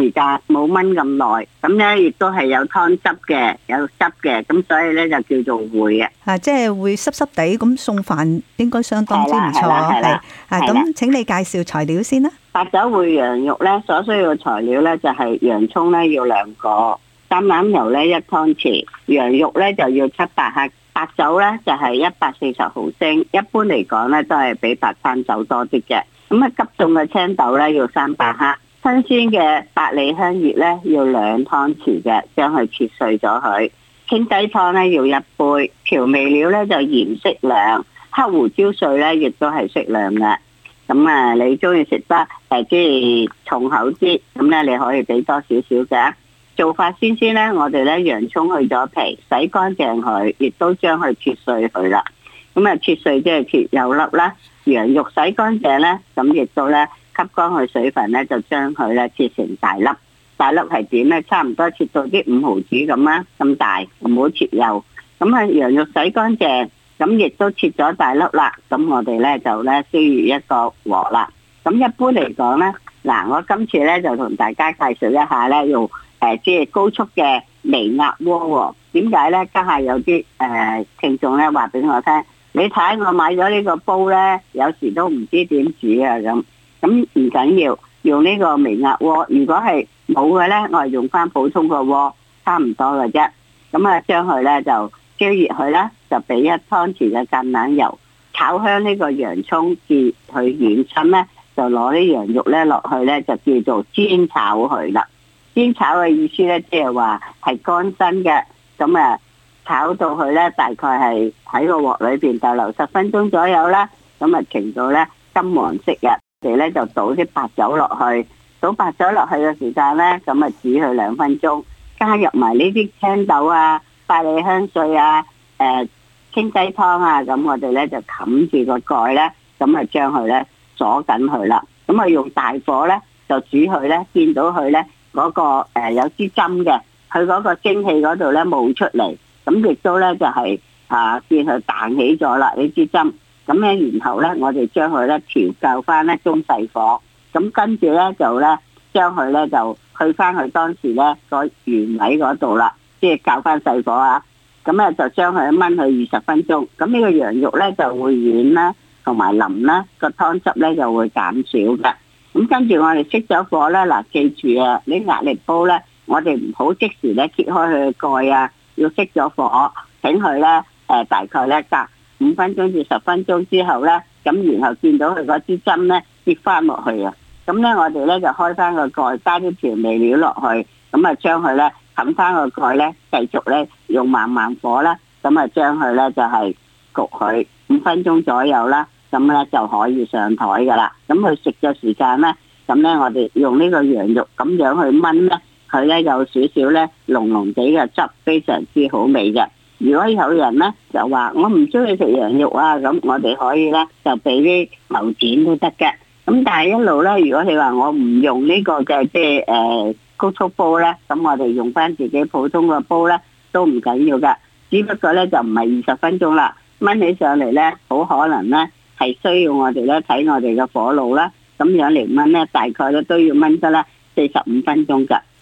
時間冇炆咁耐，咁咧亦都係有湯汁嘅，有汁嘅，咁所以咧就叫做燴啊！啊，即係會濕濕地咁送飯，應該相當之唔錯啊！係啊，咁請你介紹材料先啦。白酒燴羊肉咧，所需要嘅材料咧就係洋蔥咧要兩個，橄欖油咧一湯匙，羊肉咧就要七百克，白酒咧就係一百四十毫升。一般嚟講咧都係比白餐酒多啲嘅。咁啊急凍嘅青豆咧要三百克。新鮮嘅百里香葉咧要兩湯匙嘅，將佢切碎咗佢。清雞湯咧要一杯，調味料咧就鹽適量，黑胡椒碎咧亦都係適量㗎。咁啊，你中意食得誒，即係重口啲，咁咧你可以俾多少少嘅。做法先先咧。我哋咧洋蔥去咗皮，洗乾淨佢，亦都將佢切碎佢啦。咁啊，切碎即係切有粒啦。羊肉洗乾淨咧，咁亦都咧。吸乾佢水分咧，就將佢咧切成大粒，大粒係點咧？差唔多切到啲五毫子咁啦。咁大，唔好切幼。咁啊，羊肉洗乾淨，咁亦都切咗大粒啦。咁我哋咧就咧需要一個鑊啦。咁一般嚟講咧，嗱，我今次咧就同大家介紹一下咧，用誒、呃、即係高速嘅微壓鍋。點解咧？家下有啲誒、呃、聽眾咧話俾我聽，你睇我買咗呢個煲咧，有時都唔知點煮啊咁。咁唔緊要，用呢個微壓鍋。如果係冇嘅呢，我係用翻普通個鍋，差唔多嘅啫。咁啊，將佢呢，就燒熱佢啦，就俾一湯匙嘅橄欖油炒香呢個洋蔥至佢軟身呢，就攞啲羊肉呢落去呢，就叫做煎炒佢啦。煎炒嘅意思呢，即係話係乾身嘅。咁啊，炒到佢呢，大概係喺個鑊裏邊逗留十分鐘左右啦。咁啊，停到呢金黃色嘅。我哋咧就倒啲白酒落去，倒白酒落去嘅時間咧，咁啊煮佢兩分鐘，加入埋呢啲青豆啊、百里香碎啊、誒清雞湯啊，咁我哋咧就冚住個蓋咧，咁啊將佢咧鎖緊佢啦，咁啊用大火咧就煮佢咧，見到佢咧嗰個誒有支針嘅，佢嗰個蒸汽嗰度咧冒出嚟，咁亦都咧就係啊見佢彈起咗啦，呢支針。咁咧，然後咧，我哋將佢咧調較翻咧中細火，咁跟住咧就咧將佢咧就去翻佢當時咧個原位嗰度啦，即係較翻細火啊！咁咧就將佢燜佢二十分鐘。咁呢個羊肉咧就會軟啦，同埋腍啦，個湯汁咧就會減少嘅。咁跟住我哋熄咗火咧，嗱，記住啊，你壓力煲咧，我哋唔好即時咧揭開佢蓋啊，要熄咗火，等佢咧誒大概咧隔。五分鐘至十分鐘之後呢，咁然後見到佢嗰支針呢，跌翻落去啊！咁呢，我哋呢就開翻個蓋，加啲調味料落去，咁啊將佢呢，冚翻個蓋呢，繼續呢，用慢慢火啦，咁啊將佢呢，就係焗佢五分鐘左右啦，咁呢，就可以上台噶啦。咁佢食嘅時間呢，咁呢，我哋用呢個羊肉咁樣去炆呢，佢呢有少少呢，濃濃地嘅汁，非常之好味嘅。如果有人咧就話我唔中意食羊肉啊，咁我哋可以咧就俾啲牛展都得嘅。咁但係一路咧，如果你話我唔用、這個就是呃、呢個嘅即係誒高速煲咧，咁我哋用翻自己普通個煲咧都唔緊要噶。只不過咧就唔係二十分鐘啦，炆起上嚟咧好可能咧係需要我哋咧睇我哋嘅火爐啦，咁樣嚟炆咧大概都都要炆得啦四十五分鐘㗎。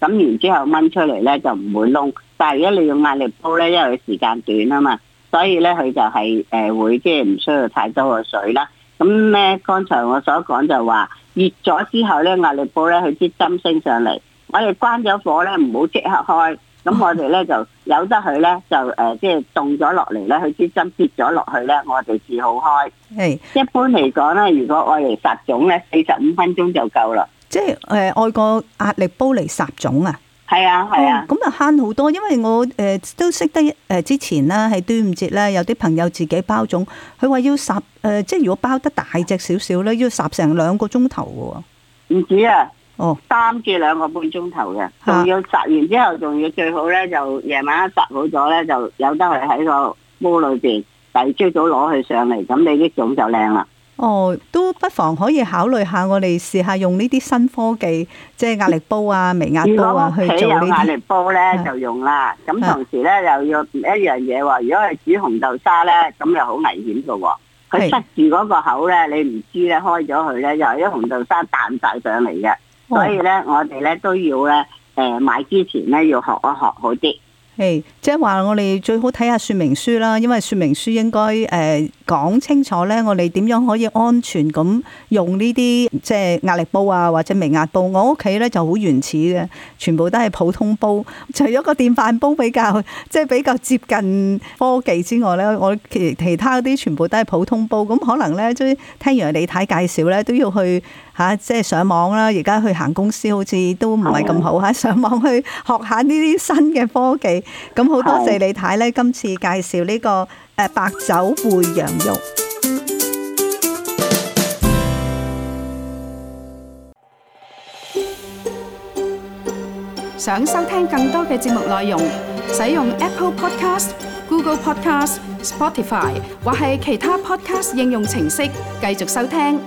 咁然之後燜出嚟咧就唔會燶，但係如果你用壓力煲咧，因為時間短啊嘛，所以咧佢就係誒會即係唔需要太多嘅水啦。咁咧剛才我所講就話熱咗之後咧壓力煲咧佢支針升上嚟，我哋關咗火咧唔好即刻開，咁我哋咧就由得佢咧就誒即係凍咗落嚟咧佢支針跌咗落去咧我哋至好開。係一般嚟講咧，如果我哋實種咧四十五分鐘就夠啦。即係誒外國壓力煲嚟殺種啊，係啊係啊，咁啊慳好多，因為我誒、呃、都識得誒之前啦，喺端午節啦，有啲朋友自己包種，佢話要殺誒、呃，即係如果包得大隻少少咧，要殺成兩個鐘頭嘅喎，唔止啊，哦，哦三至兩個半鐘頭嘅，仲要殺完之後，仲要最好咧就夜晚一殺好咗咧，就有得係喺個煲裏邊，第二朝早攞佢上嚟，咁你啲種就靚啦。哦，都不妨可以考慮下，我哋試下用呢啲新科技，即係壓力煲啊、微壓煲啊去做呢壓力煲咧，就用啦。咁、啊啊、同時咧，又要一樣嘢喎。如果係煮紅豆沙咧，咁又好危險嘅喎、啊。佢塞住嗰個口咧，你唔知咧，開咗佢咧，又係啲紅豆沙彈晒上嚟嘅。啊、所以咧，我哋咧都要咧，誒買之前咧要學一學好啲。Hey, 即係話我哋最好睇下說明書啦，因為說明書應該誒講清楚呢，我哋點樣可以安全咁用呢啲即係壓力煲啊，或者微壓煲。我屋企呢就好原始嘅，全部都係普通煲，除咗個電飯煲比較即係比較接近科技之外呢，我其其他嗰啲全部都係普通煲，咁可能呢，即係聽完李太介紹呢，都要去。吓，即係上網啦！而家去行公司好似都唔係咁好嚇，上網去學下呢啲新嘅科技。咁好多謝你太咧，今次介紹呢個誒白酒燴羊肉。想收聽更多嘅節目內容，使用 Apple Podcast、Google Podcast、Spotify 或係其他 Podcast 應用程式繼續收聽。